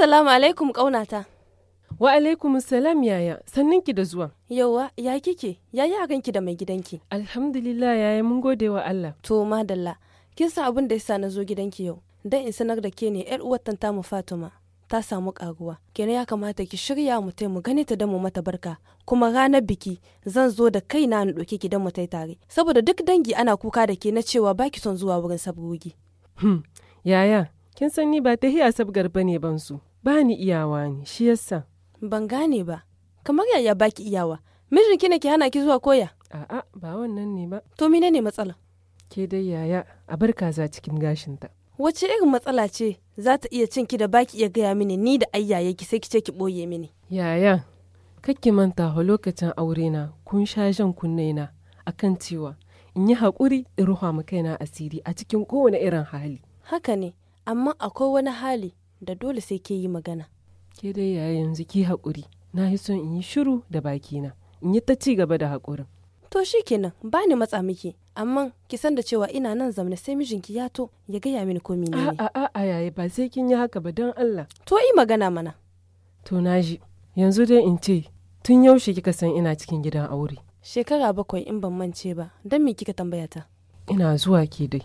[SPEAKER 6] Assalamu alaikum ƙaunata.
[SPEAKER 16] Wa alaikum salam yaya, sannin ki da zuwa. Yauwa, ya kike? yi a da mai gidanki? Alhamdulillah yaya
[SPEAKER 6] mun gode wa Allah. To madalla, kin san abin da ya na zo gidanki yau. Dan in sanar da ke ne yar uwar mu Fatima. Ta samu karuwa. Kenan ya kamata ki shirya mu mu gani ta damu mata barka. Kuma ranar biki zan zo da kai na ɗauke ki dan mu tare. Saboda duk dangi ana kuka da ke na cewa baki son zuwa wurin sabgogi.
[SPEAKER 16] Hmm, yaya, kin san ni ba ta hiya sabgar bane ban su. Ba ni iyawa ne, shi yasa. Ban gane ba, kamar yaya baki iyawa, mijinki ne ke hana ki zuwa koya? A'a,
[SPEAKER 6] ba wannan ne ba.
[SPEAKER 16] To mine ne matsala? Ke dai yaya, a bar kaza cikin gashinta.
[SPEAKER 6] Wace irin matsala ce za ta iya cin ki da baki iya gaya mini ni da yaya ki sai ki ce ki ɓoye mini?
[SPEAKER 16] Yaya, kakki manta a lokacin aurena kun sha jan kunnena akan cewa in yi haƙuri in ruha kaina asiri a cikin kowane irin hali. Haka ne, amma akwai wani hali da dole sai ke yi magana. Ke dai yaya yanzu ki haƙuri, na yi son in yi shiru da bakina, in yi ta ci gaba da haƙurin. To shi kenan ba ni matsa miki,
[SPEAKER 6] amma ki san da cewa ina nan zamna sai mijinki ya to ya gaya mini ko ne. A'a a'a yaya ba sai kin yi haka ba don Allah. To yi magana mana.
[SPEAKER 16] To na ji, yanzu dai in ce tun yaushe kika san ina cikin gidan aure.
[SPEAKER 6] Shekara bakwai in ban mance ba, don me kika tambaya
[SPEAKER 16] ta? Ina zuwa ke dai.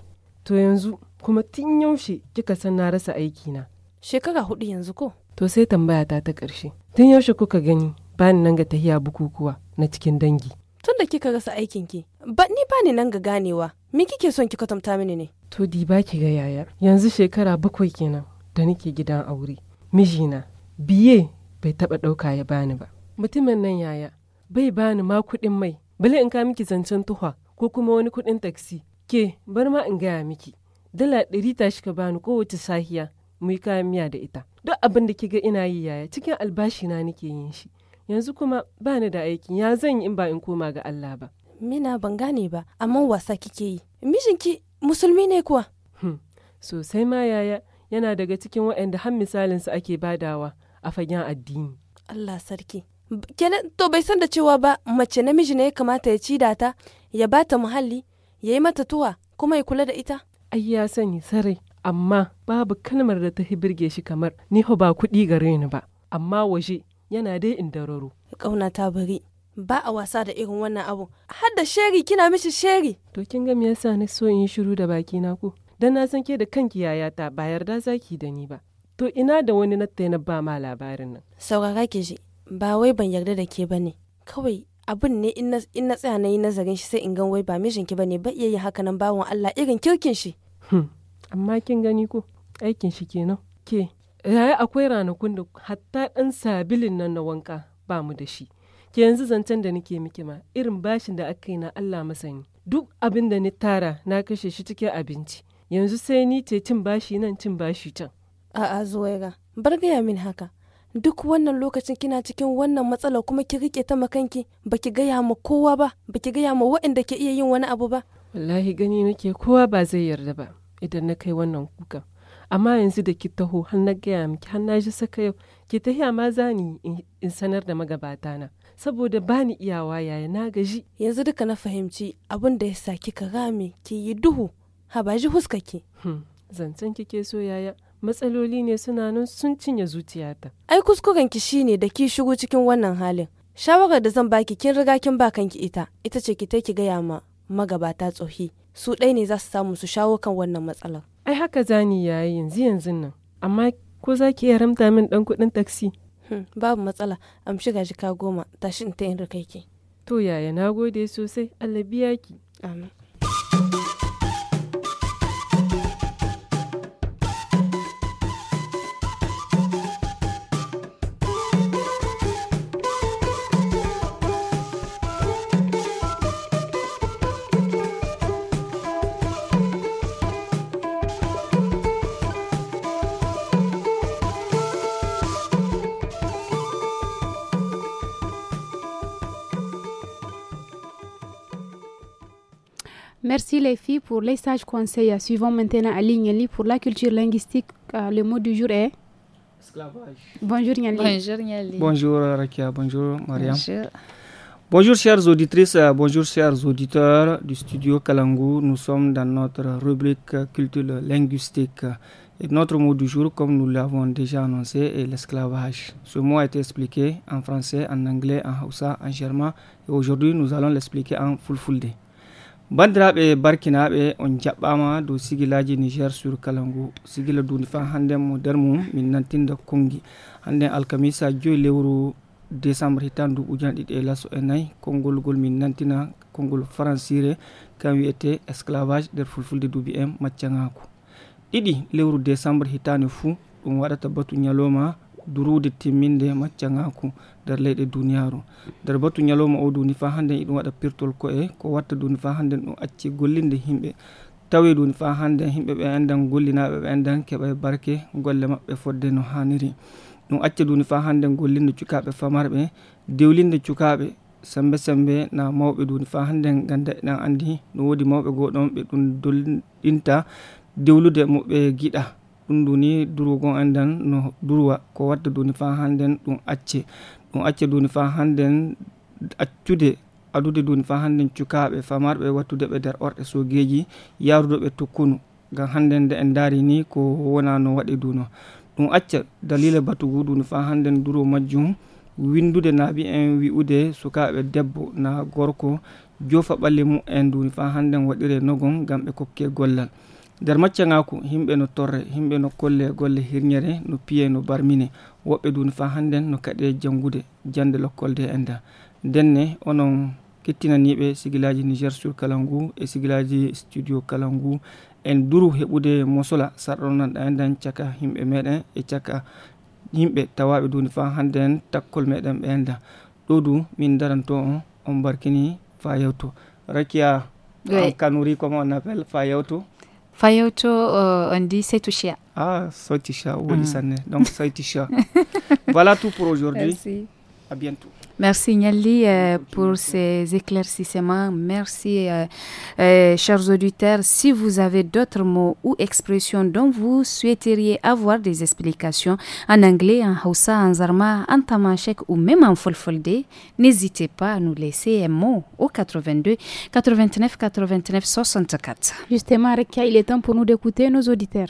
[SPEAKER 16] To yanzu kuma tun yaushe kika san na rasa aikina. Shekara hudu yanzu ko? To sai tambaya ta ta ƙarshe. Tun yaushe kuka gani bani nan ga tahiya bukukuwa na cikin dangi.
[SPEAKER 6] Tun da kika rasa aikin ki, ba ni bani nan ga ganewa. Me kike son ki kwatanta mini ne?
[SPEAKER 16] To di ba ki ga yaya. Yanzu shekara bakwai kenan da nake gidan aure. Mijina biye bai taba ɗauka ya bani ba. Mutumin nan yaya bai bani ma kuɗin mai. Bale in ka miki zancen tuhwa ko kuma wani kuɗin taksi. Ke bar ma in gaya miki. Dala ɗari tashi ka bani kowace sahiya mu yi kayan miya da ita duk abin da ga ina yi yaya cikin albashi na nake yin shi yanzu kuma ba ni da aiki ya zan yi in ba in koma ga Allah ba
[SPEAKER 6] mina ban gane ba amma wasa kike
[SPEAKER 16] yi mijinki musulmi ne kuwa hmm, sosai ma yaya yana daga cikin waɗanda har misalin su ake badawa a fagen addini Allah sarki
[SPEAKER 6] kenan to bai san da cewa ba mace namiji ne ya kamata ya ci da ta ya bata muhalli ya yi mata tuwa kuma ya kula da ita
[SPEAKER 16] ai ya sani sarai amma babu kalmar da ta birge shi kamar ni ba kuɗi gare ni ba amma waje yana dai in dararo. Kauna ta bari ba a wasa da irin wannan abu har da sheri kina mishi sheri. To kin ga me yasa ni so in yi shiru da baki na ku dan na san ke da kanki yayata ba yarda zaki da ni ba. To ina da wani na na ba ma labarin nan. Saurara ke ji ba wai ban yarda da ke bane
[SPEAKER 6] kawai abin ne in na tsaya na yi nazarin shi sai in gan wai ba mijinki bane ba iya yi haka nan bawon Allah irin kirkin shi.
[SPEAKER 16] Hmm. amma kin gani ko aikin shi kenan ke yaya akwai ranakun da hatta ɗan sabilin nan na wanka ba mu da shi ke yanzu zancen da nake miki ma irin bashin da aka yi na Allah masani duk abin da ni tara na kashe shi cikin abinci yanzu sai ni ce cin bashi nan cin bashi can
[SPEAKER 6] a'a zuwaiga bar gaya min haka duk wannan lokacin kina cikin wannan matsala kuma ki rike ta makanki baki gaya ma kowa ba baki gaya ma waɗanda ke iya yin wani abu ba
[SPEAKER 16] wallahi gani nake kowa ba zai yarda ba idan na kai wannan kuka amma yanzu da ki taho har na gaya miki har na ji saka yau ki tahiya ma za ni in sanar da magabata na saboda bani iyawa yaya na gaji yanzu duka na fahimci abin da ya sa kika rame ki yi duhu ha ba ji ki hmm, zancen kike so yaya matsaloli ne suna nan sun cinye zuciyata
[SPEAKER 6] ai kuskuren ki shine da ki shigo cikin wannan halin shawarar da zan baki kin riga kin ba kanki ita ita ce ki ta ki gaya ma magabata tsohi su ɗai ne za su samu su shawo kan wannan matsalar.
[SPEAKER 16] Ai haka zani yi yanzu yanzu nan, amma ko za ki iya ramta min ɗan kuɗin taksi? Hmm, babu matsala, amshi shiga jika goma,
[SPEAKER 6] tashi in ta yin rikaiki.
[SPEAKER 16] To yaya, na gode sosai, Allah biya ki. Amin.
[SPEAKER 2] Merci les filles pour les sages conseils. Suivons maintenant à li pour la culture linguistique. Euh, le mot du jour est Esclavage. Bonjour Niali. Bonjour Niali. Bonjour
[SPEAKER 17] Rakia, bonjour Mariam. Bonjour. chères auditrices, bonjour chers auditeurs du studio Kalangu. Nous sommes dans notre rubrique culture linguistique. Et notre mot du jour, comme nous l'avons déjà annoncé, est l'esclavage. Ce mot a été expliqué en français, en anglais, en haussa, en germain. Et aujourd'hui, nous allons l'expliquer en fulfulde. bandiraɓe barkinaɓe on jaɓɓama dow sigilaji niger sur kalangu sigila dundi fa hannde mo nder mum min nantinda kongi hannde alkamisa joyi lewru décembre hitan du ɓujana ɗiɗi e lasso e nayyi konngol ngol min nantina konngol françire kam wiyete esclavage nder fulfulde duubi en maccagako ɗiɗi lewru décembre hitane fuu ɗum waɗata batu ñalowma durude timminde maccagako nder leyɗe duniyaaru nder batu ñalowma o duni fa hannden iɗum waɗa pirtol ko'e ko watta duni fa hannden ɗum acci gollinde himɓe tawe duni fa hannden himɓe ɓe anndan gollinaɓe ɓe anndan keɓa barke golle maɓɓe fodde no haniri ɗum acca duni fa hannden gollinde cukaɓe famarɓe dewlinde cukaɓe sembe sembe na mawɓe duni fa hannden ganda eɗen andi no woodi mawɓe goɗon ɓe ɗum dolɗinta dewlude moɓe giɗa ɗum duni durwogon anndan no durwa ko watta duni fa hannden ɗum acce on acca duni fa hannden accude adude duni fa hannden cukaaɓe famarɓe wattude ɓe nder orɗe sogeji yaruduɓe tokkunu ngam hannden nde en daari ni ko wona no waɗi duno ɗum acca dalila batugu duni fa hannden duro majjum windude naabi en wi'ude sukaaɓe debbo na gorko jofa ɓalli mumen duni fa hannden waɗire nogon ngam ɓe kokke gollal nder macca gaku himɓe no torre himɓe no kolle golle hirñere no piye no barmine woɓɓe duni fa hannden no kaɗe janngude jannde lokkolde e enda ndenne onon kettinaniɓe sigilaji niger sur kala ngu e sigilaji studio Kalangu, ngu en duru heɓude mosola sarɗonanɗa enden caka yimɓe meɗen e caka yimɓe tawaɓe duni fa hannden takkol meɗen ɓe enda ɗo du min daranto on barkini fa rakia oui. en kanuri on appelle fa
[SPEAKER 1] Fayoto, on uh, dit Setouchia.
[SPEAKER 17] Ah, saitouchia ou mm. Donc saitouchia voilà tout pour aujourd'hui. Merci. À bientôt.
[SPEAKER 1] Merci Nelly euh, pour ces éclaircissements. Merci, euh, euh, chers auditeurs. Si vous avez d'autres mots ou expressions dont vous souhaiteriez avoir des explications en anglais, en hausa, en zarma, en tamashek ou même en folfolde, n'hésitez pas à nous laisser un mot au 82 89 89
[SPEAKER 2] 64. Justement, Rekia, il est temps pour nous d'écouter nos auditeurs.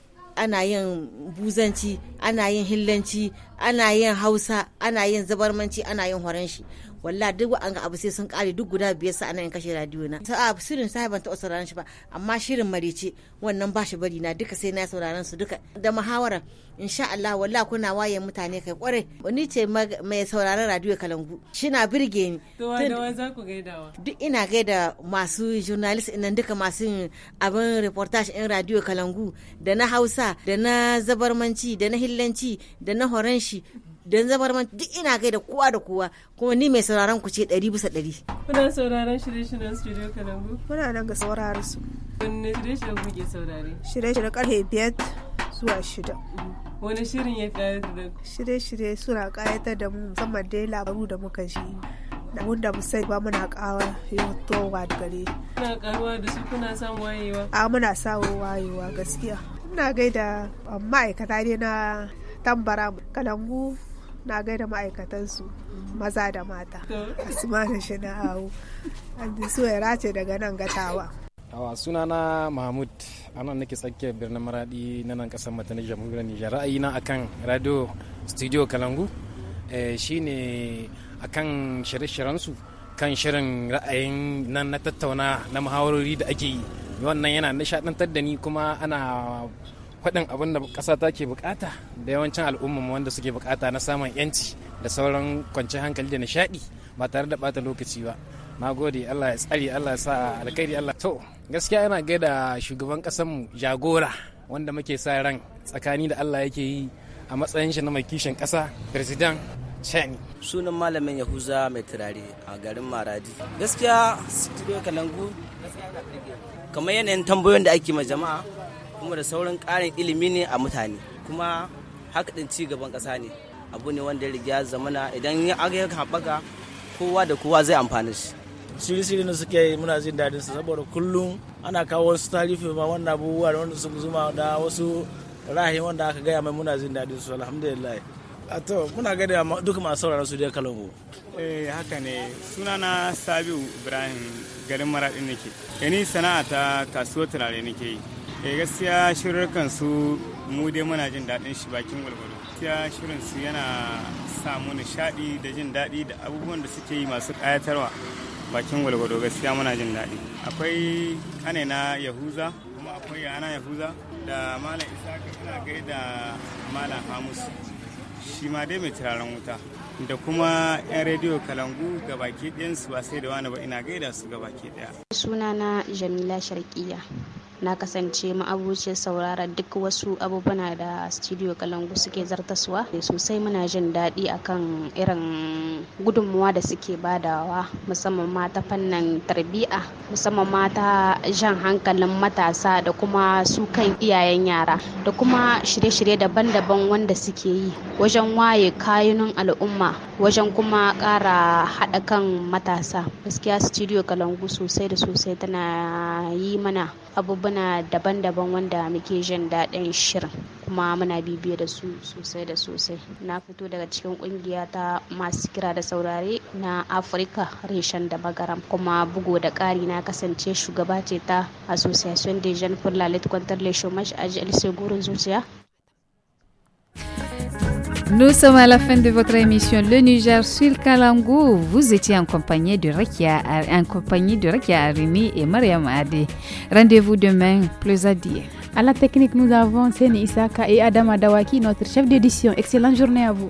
[SPEAKER 4] ana yin buzanci ana yin hillanci ana yin hausa ana yin zabarmanci ana yin horanshi walla duk an ga abu sai sun kare duk guda biyar sa anan kashe radio na ta shirin sai ban taɓa sauraron shi ba amma shirin marice wannan ba shi bari na duka sai na sauraron su duka da muhawara insha Allah walla kuna waye mutane kai kwarai wani ce mai sauraron radio kalangu shina birge ni duk ina gaida masu journalist ina duka masu abin reportage in radio kalangu da na Hausa da na zabarmanci da na hillanci da na horanshi dan zamar man duk ina gaida kowa da kowa kuma ni mai sauraron ku ce ɗari bisa ɗari. Kuna sauraron
[SPEAKER 16] shirye-shiryen studio Kalangu? Kuna nan ga sauraron su. Wanne shirye-shiryen kuke saurare?
[SPEAKER 4] shirye
[SPEAKER 2] shiryen ƙarfe biyar zuwa shida. Mm.
[SPEAKER 16] Wani shirin ya ƙayatar da Shirye-shirye
[SPEAKER 2] suna ƙayatar da mu musamman dai labaru da muka ji. da wanda musai ba muna kawa
[SPEAKER 16] yotowa da gare. Kuna ƙaruwa da su kuna samun wayewa?
[SPEAKER 2] A muna samun wayewa
[SPEAKER 12] gaskiya. Ina
[SPEAKER 2] gaida um, ma'aikata ne na tambara kalangu na gaida ma'aikatansu maza da mata asmanu shi na hau suwaira ce daga nan gatawa
[SPEAKER 13] awa sunana mahmud anan nake tsakiyar birnin maradi na nan kasar mata na jamhuriyar nijar na akan radio studio kalangu eh, shine akan shirye-shiryensu kan shirin ra'ayin nan na tattauna na muhawarori da ake yi wannan yana nishaɗantar da ni kuma ana faɗin abin da ƙasa ke bukata da yawancin al'umma wanda suke bukata na samun yanci da sauran kwanci hankali da nishaɗi ba tare da bata lokaci ba na gode allah ya tsari allah ya sa alkhairi allah to gaskiya yana gaida shugaban ƙasanmu jagora wanda muke sa ran tsakani da allah yake yi a matsayin shi na mai kishin ƙasa president Chani. Sunan malamin Yahuza mai turare a garin Maradi. Gaskiya Studio Kalangu kamar yanayin tambayoyin da ake ma jama'a kuma da sauran ƙarin ilimi ne a mutane kuma hakaɗin ci gaban ƙasa ne abu ne wanda ya riga zamana idan ya haɓaka kowa da kowa zai
[SPEAKER 18] amfani shi sirri shiri na suke yi muna jin daɗin su saboda kullum ana kawo wasu tarifi ma wannan abubuwa da wanda suka zuma da wasu rahi wanda aka gaya mai muna jin daɗin su alhamdulillah a to muna gani duk masu sauraron su dai kalangu
[SPEAKER 17] eh haka ne sunana sabiu ibrahim garin maraɗin nake yani eh, sana'a ta kasuwar turare nake yi eh gaskiya shirurrukan su mu dai muna jin daɗin shi bakin walwalo gaskiya shirin su yana samu nishaɗi da jin daɗi da abubuwan da suke yi masu ƙayatarwa bakin walwalo gaskiya muna jin daɗi akwai kane na yahuza kuma akwai yana yahuza da malam isa ina gaida malam hamus shi ma dai mai turaren wuta da kuma 'yan rediyo kalangu ga baki su ba sai da wani ba ina gaida su ga baki ɗaya
[SPEAKER 12] sunana jamila sharkiya na kasance ma'abuciyar saurara duk wasu abubuwa da studio kalangu suke zartaswa sosai muna jin daɗi akan irin gudunmuwa da suke badawa musamman ma ta fannin tarbiyya musamman ma ta jan hankalin matasa da kuma su kan iyayen yara da kuma shirye-shirye daban-daban wanda suke yi wajen waye kayunan al'umma wajen kuma ƙara haɗa kan matasa gaskiya studio kalangu sosai da sosai tana yi mana abubuwa daban-daban wanda muke jin daɗin shirin kuma muna bibiye da su sosai da sosai na fito daga cikin kungiya ta masu kira da saurare na afirka reshen da magaram kuma bugu da ƙari na kasance shugaba ce ta association de jeunes pour la lutte contre les chômage a jlc gurin zuciya
[SPEAKER 1] Nous sommes à la fin de votre émission Le Niger sur le Kalangu. Vous étiez en compagnie de Rekia, en de Arimi et Mariam Adé. Rendez-vous demain, plus à dire.
[SPEAKER 2] À la technique, nous avons Sene Isaka et Adam Adawaki, notre chef d'édition. Excellente journée à vous.